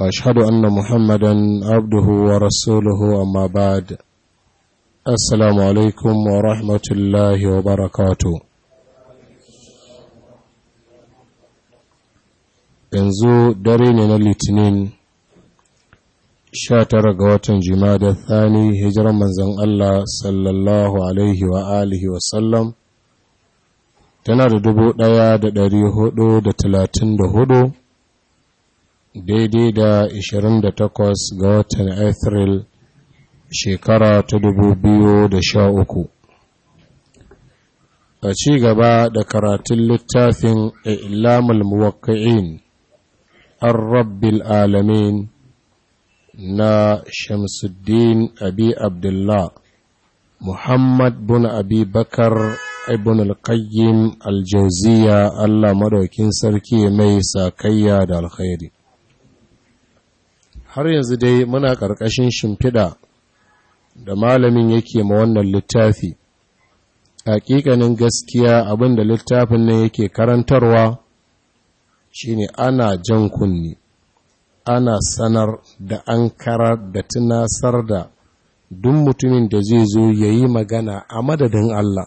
واشهد ان محمدا عبده ورسوله اما بعد السلام عليكم ورحمه الله وبركاته yanzu dare ne na litinin 19 ga watan jimada thani hijiran manzan Allah sallallahu alaihi wa alihi wasallam tana da 1434 daidai da 28 ga watan Afril shekara ta 2013. A ci gaba da karatun littafin Ilamul Muwakka'in, an rabbil alamin na Shamsuddin Abi Abdullah, Muhammad bin Abi Bakar ibn al-qayyim al-jawziya Allah madaukin sarki mai sakayya da alkhairi har yanzu dai muna ƙarƙashin shimfiɗa da malamin yake ma wannan littafi haƙiƙanin gaskiya abin da littafin nan yake karantarwa shine ana jan kunni ana sanar da an karar da tunasar da duk mutumin da zai zo ya yi magana a madadin Allah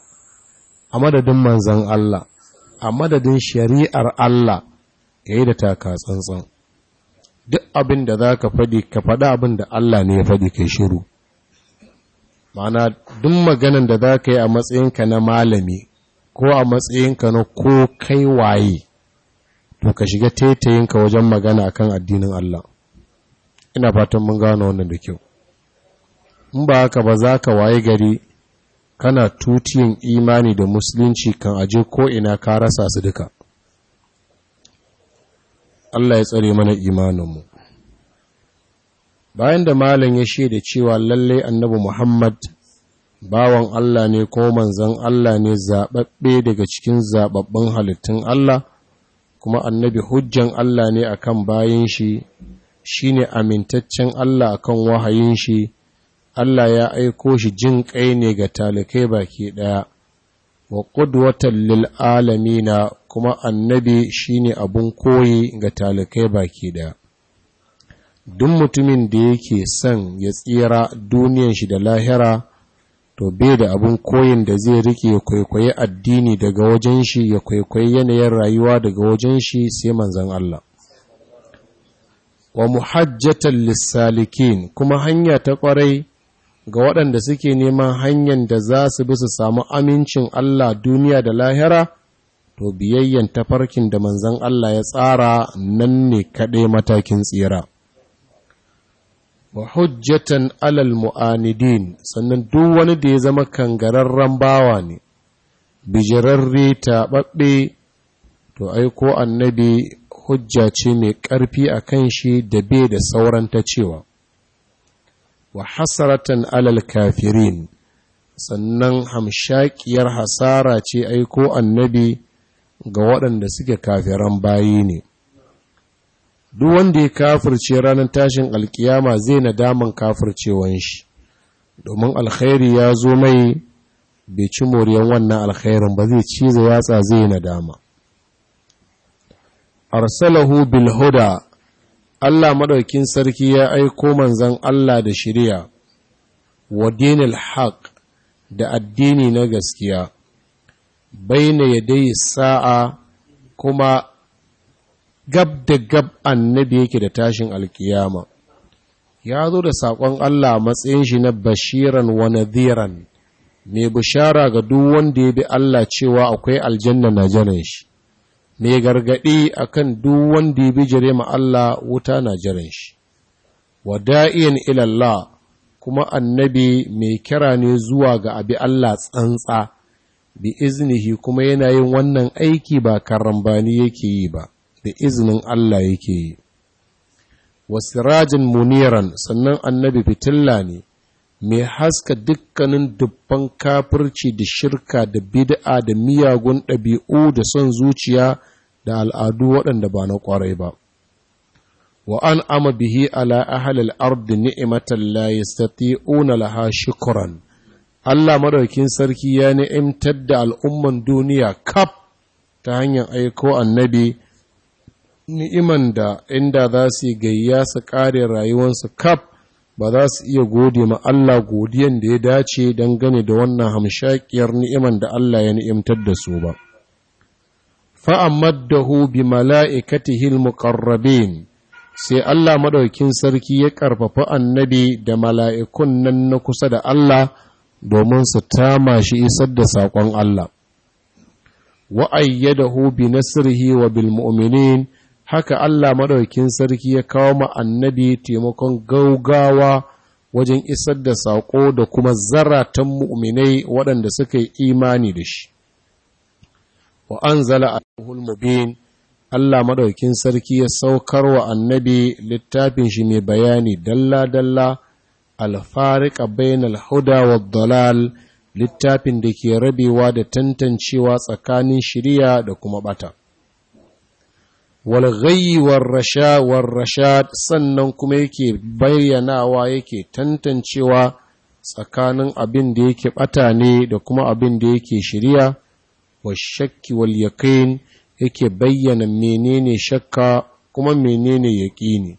a madadin manzan Allah a madadin shari'ar Allah ya yi da taka tsantsan duk abin da za ka faɗi ka faɗi abin da Allah ne ya faɗi kai shiru ma'ana duk maganan da za ka yi a matsayinka na malami ko a matsayinka na ko kai waye to ka shiga taitayinka wajen magana kan addinin Allah ina fatan mun gano wannan da kyau in ba haka ba za ka waye gari kana tutiyin imani da musulunci kan aje ko ina ka rasa su duka Allah ya tsare mana imaninmu bayan da malam ya shaida cewa lalle annabi Muhammad bawan Allah ne ko manzon Allah ne zaɓaɓɓe daga cikin zaɓaɓɓen halittun Allah kuma annabi hujjan Allah ne akan bayin shi shine amintaccen Allah akan wahayin shi Allah ya aiko shi jin kai ne ga talikai baki ɗaya wa ƙudwatan lil'alamina kuma annabi shine abun koyi ga talikai baki ɗaya. Duk mutumin da yake son ya tsira duniyar shi da lahira, to bai da abun koyin da zai rike ya kwaikwayi addini daga wajen shi ya kwaikwayi yanayin rayuwa daga wajen shi sai manzan Allah. Wa muhajjatan lissalikin kuma hanya ta ƙwarai ga waɗanda suke neman hanyar da za su bi su samu amincin Allah duniya da lahira to biyayyen tafarkin da manzan Allah ya tsara nan ne kaɗai matakin tsira wa hujjatan alal mu'anidin sannan duk wani da ya zama kangararren bawa ne bijirarre ɓaɓɓe, to ai ko annabi hujja ce mai ƙarfi a kan shi da bai da sauranta cewa wa hasaratan alal kafirin sannan hamshakiyar hasara ce aiko annabi ga waɗanda suke kafiran bayi ne duk wanda ya kafirce ranar tashin alkiyama zai nadaman kafircewan shi domin alkhairi ya zo mai bai ci moriyan wannan alkhairin ba zai ciza yatsa zai nadama arsalahu bil huda Allah maɗaukin sarki ya aiko manzan Allah da shirya wa dinil haq da addini na gaskiya baina ya dai sa'a kuma gab da gab annabi yake da tashin alkiyama ya zo da saƙon Allah matsayin shi na bashiran wa nadhiran mai bishara ga duk wanda ya bi Allah cewa akwai aljanna na janan shi mai gargaɗi a kan duk wanda ya bijire ma Allah wuta na jiran shi, wa da'iyan ilallah kuma annabi mai kira ne zuwa ga abi Allah tsantsa, bi iznihi kuma yana yin wannan aiki ba karambani yake yi ba, da izinin Allah yake yi. Wasirajin muniran sannan annabi fitilla ne, mai haska dukkanin dubban kafirci da shirka da bid'a da miyagun ɗabi'u da son zuciya da al'adu waɗanda ba na ƙwarai ba. Wa an ama bihi ala ahalil ardi ni'imatan la yastati'una laha shukran. Allah madaukin sarki ya ni'imtar da al'umman duniya kaf ta hanyar aiko annabi ni'iman da inda za su gayya su kare rayuwarsu kaf ba za su iya gode ma Allah godiyan da ya dace gane da wannan hamshakiyar ni'iman da Allah ya ni'imtar da su ba. Fa'amaddahu bi mala'ikati hilmu ƙarrabin, sai Allah maɗaukin sarki ya ƙarfafa annabi da mala'ikun nan na kusa da Allah domin su tama shi isar da saƙon Allah. Wa'ayyadahu bi nasirhi wa haka Allah maɗaukin sarki ya kawo ma annabi taimakon gaugawa wajen isar da saƙo da kuma zaratan mu'minai waɗanda suka yi imani da shi. Wa an zala mubin Allah maɗaukin sarki ya saukar wa annabi littafin shi mai bayani dalla-dalla alfarika bainal huda wa dalal littafin da ke rabewa da tantancewa tsakanin shirya da kuma ɓata. walghayi warrasha warrashad sannan kuma yake bayyanawa yake tantancewa tsakanin abin da yake bata ne da kuma abin da yake shirya wa shakki wal yaqin yake bayyana menene shakka kuma menene yaqini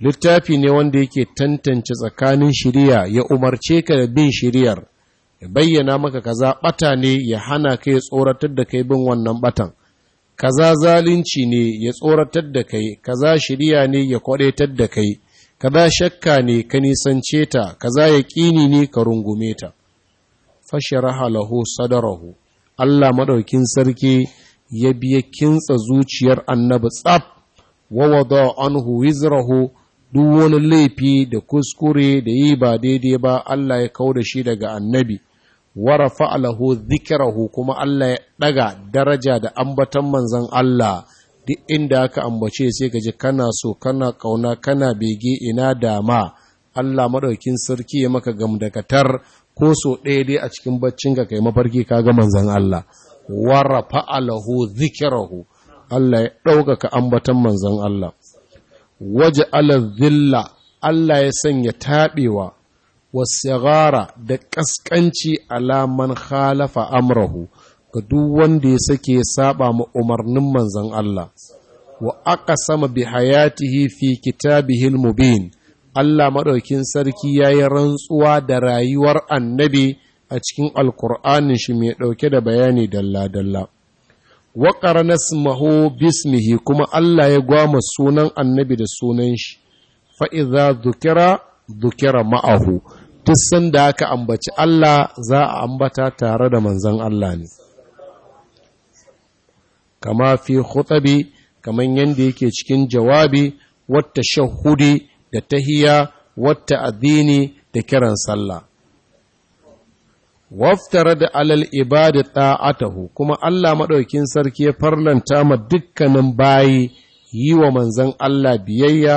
littafi ne wanda yake tantance tsakanin shirya ya umarce ka da bin shiriyar ya bayyana maka kaza bata ne ya hana ya tsoratar da kai bin wannan batan kaza zalunci ne ya tsoratar da kai kaza shirya ne ya kwadaitar da kai kaza shakka ne ka nisance ta kaza yaqini ne ka rungume ta fasharaha lahu sadarahu Allah maɗaukin sarki ya biya kintsa zuciyar annabi tsaf wa wada anhu wizrahu duk wani laifi da kuskure da yi ba daidai ba Allah ya kauda shi daga annabi warafa fa'alahu zikirahu kuma Allah ya ɗaga daraja da ambatan manzan Allah duk inda aka ambace sai ka ji kana so kana ƙauna, kana bege ina dama Allah maɗaukin sarki ya maka gamdakatar ko so ɗaya dai a cikin baccin ka kai mafarki ka ga manzan Allah warafa fa'alahu zikirahu, Allah ya ɗaukaka ambatan manzan Allah waje ala zilla Allah ya sanya taɓewa wasigara da ƙasƙanci alaman khalafa amrahu ga duk wanda ya sake saba ma umarnin manzon Allah wa aka sama bi hayatihi fi kitabihil mubin Allah maɗaukin sarki ya yi rantsuwa da rayuwar annabi a cikin alkur'anin shi mai ɗauke da bayani dalla-dalla. Waƙara na bismihi kuma Allah ya gwama sunan annabi da sunan shi, fa'iza dukira dukira ma'ahu, duk da aka ambaci Allah za a ambata tare da manzon Allah ne kama fi khutabi kaman yanda yake cikin jawabi wata shahudi da tahiya wata addini da kiran sallah waftara da alal ibadi ta'atahu kuma Allah maɗaukin sarki ya farlanta ma dukkanin bayi yi wa manzan Allah biyayya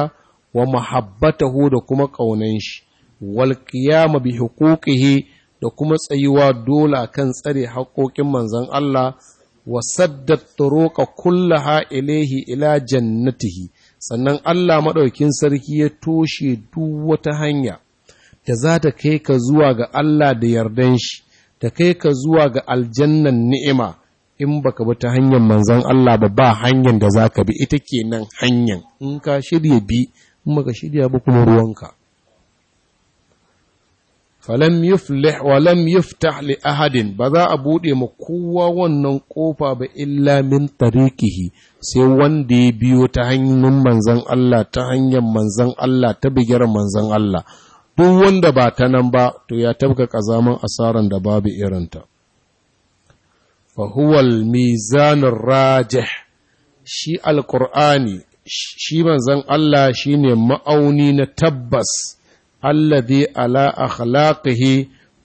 wa mahabbatahu da kuma ƙaunan shi Walƙiyama bi hukukihi da kuma tsayuwa dole a kan tsare haƙoƙin manzan Allah wa saddat turuqa kullaha ilayhi ila jannatihi sannan Allah maɗaukin sarki ya toshe duk wata hanya da za ta kai ka zuwa ga Allah da yardan shi ta kai ka zuwa ga aljannan ni'ima in baka bi ta hanyar manzan Allah ba ba hanyar da za ka bi ita kenan hanyar in ka shirya bi in baka shirya ba kuma ruwanka falam yuflih wa yuftah li ahadin ba za a buɗe ma kowa wannan kofa ba illa min tariqihi sai wanda ya biyo ta hanyar manzon Allah ta hanyar manzon Allah ta bigiran manzon Allah duk wanda ba ta nan ba to ya tabka kazaman asaran da babu irinta fa huwa al-mizanur rajih shi alqur'ani shi manzon Allah shine ma'auni na tabbas alladhi ala akhlaqihi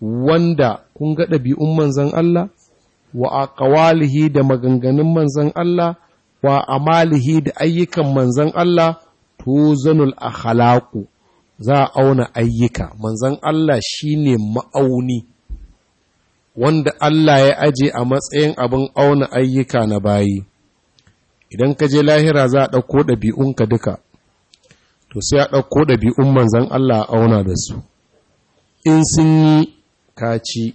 wanda kun ga ɗabi'un manzon Allah wa aqwalihi da maganganun manzon Allah wa amalihi da ayyukan manzon Allah to tuzanul akhlaqu za a auna ayyuka manzon Allah shine ma'auni wanda Allah ya aje a matsayin abin auna ayyuka na bayi idan ka je lahira za a ɗauko ɗabi'unka duka to sai a ɗauko ɗabi'un manzan Allah a auna da su in sun yi kaci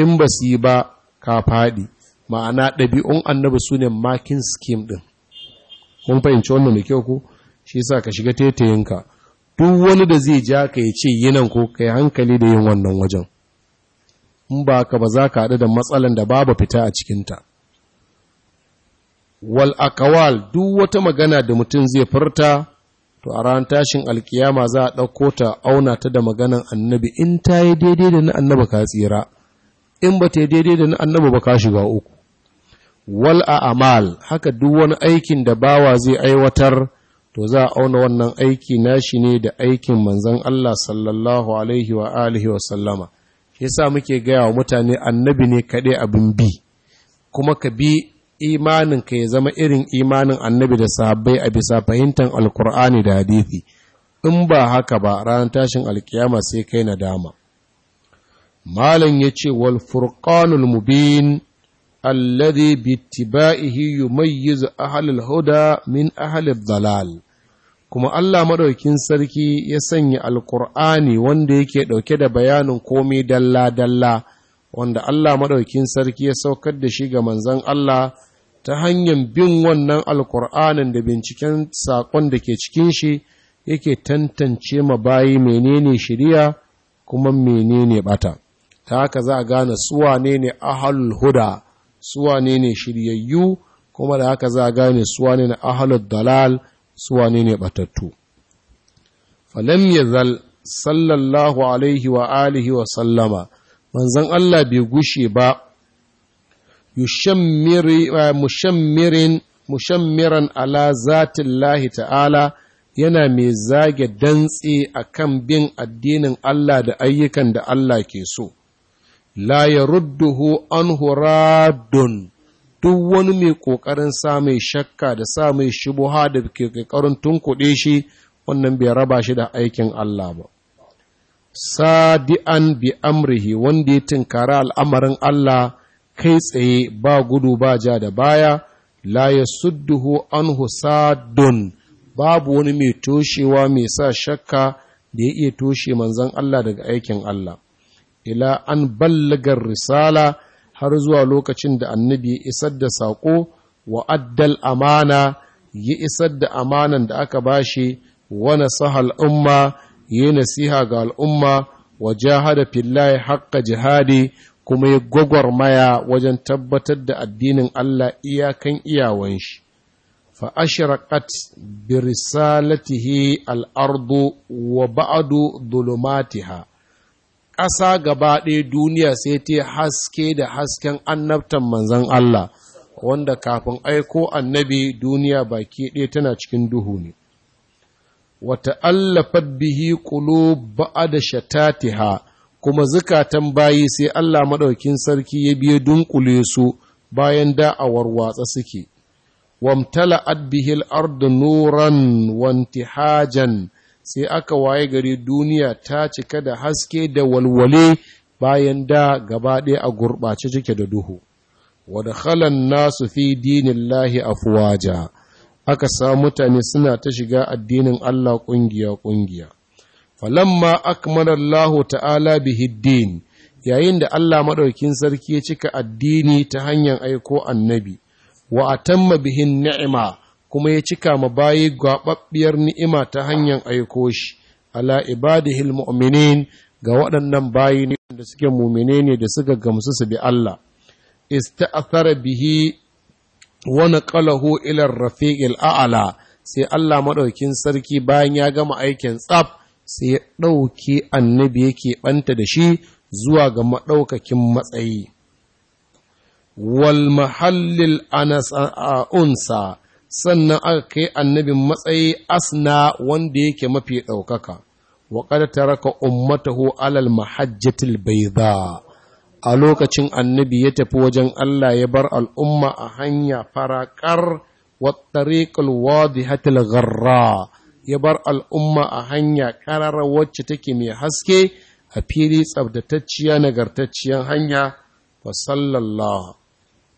in ba su yi ba ka faɗi ma'ana ɗabi'un annabi su ne makin skim ɗin kun fahimci wannan da kyau ku shi sa ka shiga taitayinka. duk wani da zai ja ka yi ce yinan ko ka yi hankali da yin wannan wajen in ba ka ba za ka haɗu da matsalan da babu fita a cikinta wal akawal duk wata magana da mutum zai furta to a ran tashin alkiyama za a ɗauko ta auna ta da maganan annabi in ta yi daidai da na annaba ka tsira in ba ta yi daidai da na annaba ba ka shiga uku wal a amal haka duk wani aikin da bawa zai aiwatar to za a auna wannan aiki nashi ne da aikin manzon Allah sallallahu alaihi wa alihi wa sallama yasa muke gaya wa mutane annabi ne kaɗai abin bi kuma ka bi imanin ka ya zama irin imanin annabi da sahabbai a bisa fahimtar alkur'ani da hadithi in ba haka ba ranar tashin alkiyama sai kai nadama malam ya ce wal furqanul mubin alladhi bittiba'ihi yumayyizu ahlul huda min ahlil dalal kuma Allah maɗaukin sarki ya sanya alkur'ani wanda yake ɗauke da bayanin komai dalla-dalla wanda Allah maɗaukin sarki ya saukar da shi ga Manzon Allah ta hanyar bin wannan alkur'anin da binciken saƙon da ke cikin shi yake tantance ma bayi menene shiriya kuma menene bata ta haka za a gane suwane ne ahalul huda suwane ne shiryayyu kuma da haka za a gane suwane ne ahalul dalal suwane ne batattu falam yazal sallallahu alaihi wa alihi wa sallama manzon Allah bai gushe ba mushammiran eh, ala lahi ta'ala yana mai zage dantse akan bin addinin Allah da ayyukan da Allah ke so la rudduhu an huradun duk wani mai ƙoƙarin sa mai shakka da sa mai shubuha da ke ƙoƙarin tunkuɗe shi wannan bai raba shi da aikin Allah ba sadi'an bi amrihi wanda ya tinkara al'amarin Allah kai tsaye ba gudu ba ja da baya la ya sudduhu anhu sadun babu wani mai toshewa mai sa shakka da ya iya toshe manzan Allah daga aikin Allah ila an ballagar risala har zuwa lokacin da annabi ya isar da saƙo wa addal amana ya isar da amanan da aka bashi wa al'umma umma yi nasiha ga al'umma wa jahada fillaye haƙƙa jihadi kuma ya gwagwarmaya wajen tabbatar da addinin Allah iyakan iyawan shi fa ashraqat bi risalatihi al-ardu wa ba'du dhulumatiha ƙasa gaba ɗaya duniya sai ta haske da hasken annabtan manzon Allah wanda kafin aiko annabi duniya baki ɗaya tana cikin duhu ne wata allafa bihi ƙulo ba'ada shatatiha kuma zukatan bayi sai Allah maɗaukin sarki ya biye dunkule su bayan da a warwatsa suke. Wamtala bihil ardu nuran hajan, sai aka waye gari duniya ta cika da haske da walwale bayan da gaba ɗaya a gurɓace cike da duhu. Wadda nasu fi dinin lahi afuwaja. aka samu mutane suna ta shiga addinin Allah ƙungiya ƙungiya falamma akmala Allah ta'ala bihiddin yayin da Allah maɗaukin sarki ya cika addini ta hanyar aiko annabi wa atamma bihin ni'ima kuma ya cika ma bayi gwababbiyar ni'ima ta hanyar aiko shi ala ibadihil mu'minin ga waɗannan bayi ne da suke mumine ne da suka gamsu su bi Allah ista'athara bihi wani ƙalahu ilar rafi'il a'ala sai Allah maɗaukin sarki bayan ya gama aikin tsaf sai ya ɗauki annabi yake ɓanta da shi zuwa ga maɗaukakin matsayi. Wal mahallil anasa sannan aka kai annabin matsayi asna wanda yake mafi ɗaukaka, wa ta raka ummatahu alal mahajjatil bai a lokacin annabi ya tafi wajen Allah ya bar al'umma a hanya farakar wattariƙul hatil garra ya bar al'umma a hanya ƙarara wacce take mai haske a fili tsabdatacciya nagartacciyar hanya wa sallallahu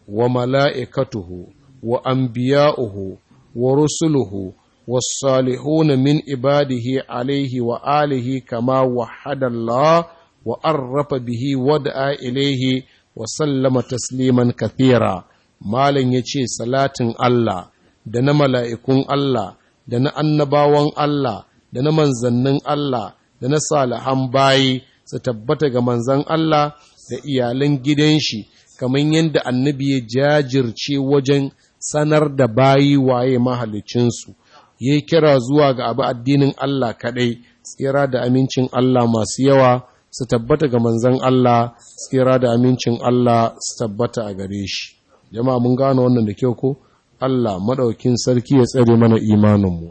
wa mala'ikatuhu wa anbiya'uhu wa rusuluhu wa salihuna min ibadihi alaihi wa alihi kama الله wa arrafa bihi wada'a ilaihi wa sallama tasliman kathira malam ya ce salatin Allah da na mala'ikun Allah da na annabawan Allah da na manzannin Allah da na salahan bayi su tabbata ga manzan Allah da iyalan gidan shi kamar yadda annabi ya jajirce wajen sanar da bayi waye mahalicinsu ya kira zuwa ga abu addinin Allah kaɗai tsira da amincin Allah masu yawa su tabbata ga manzan Allah tsira da amincin Allah su tabbata a gare shi jama'a mun gano wannan da kyau ko Allah maɗaukin sarki ya tsare mana imaninmu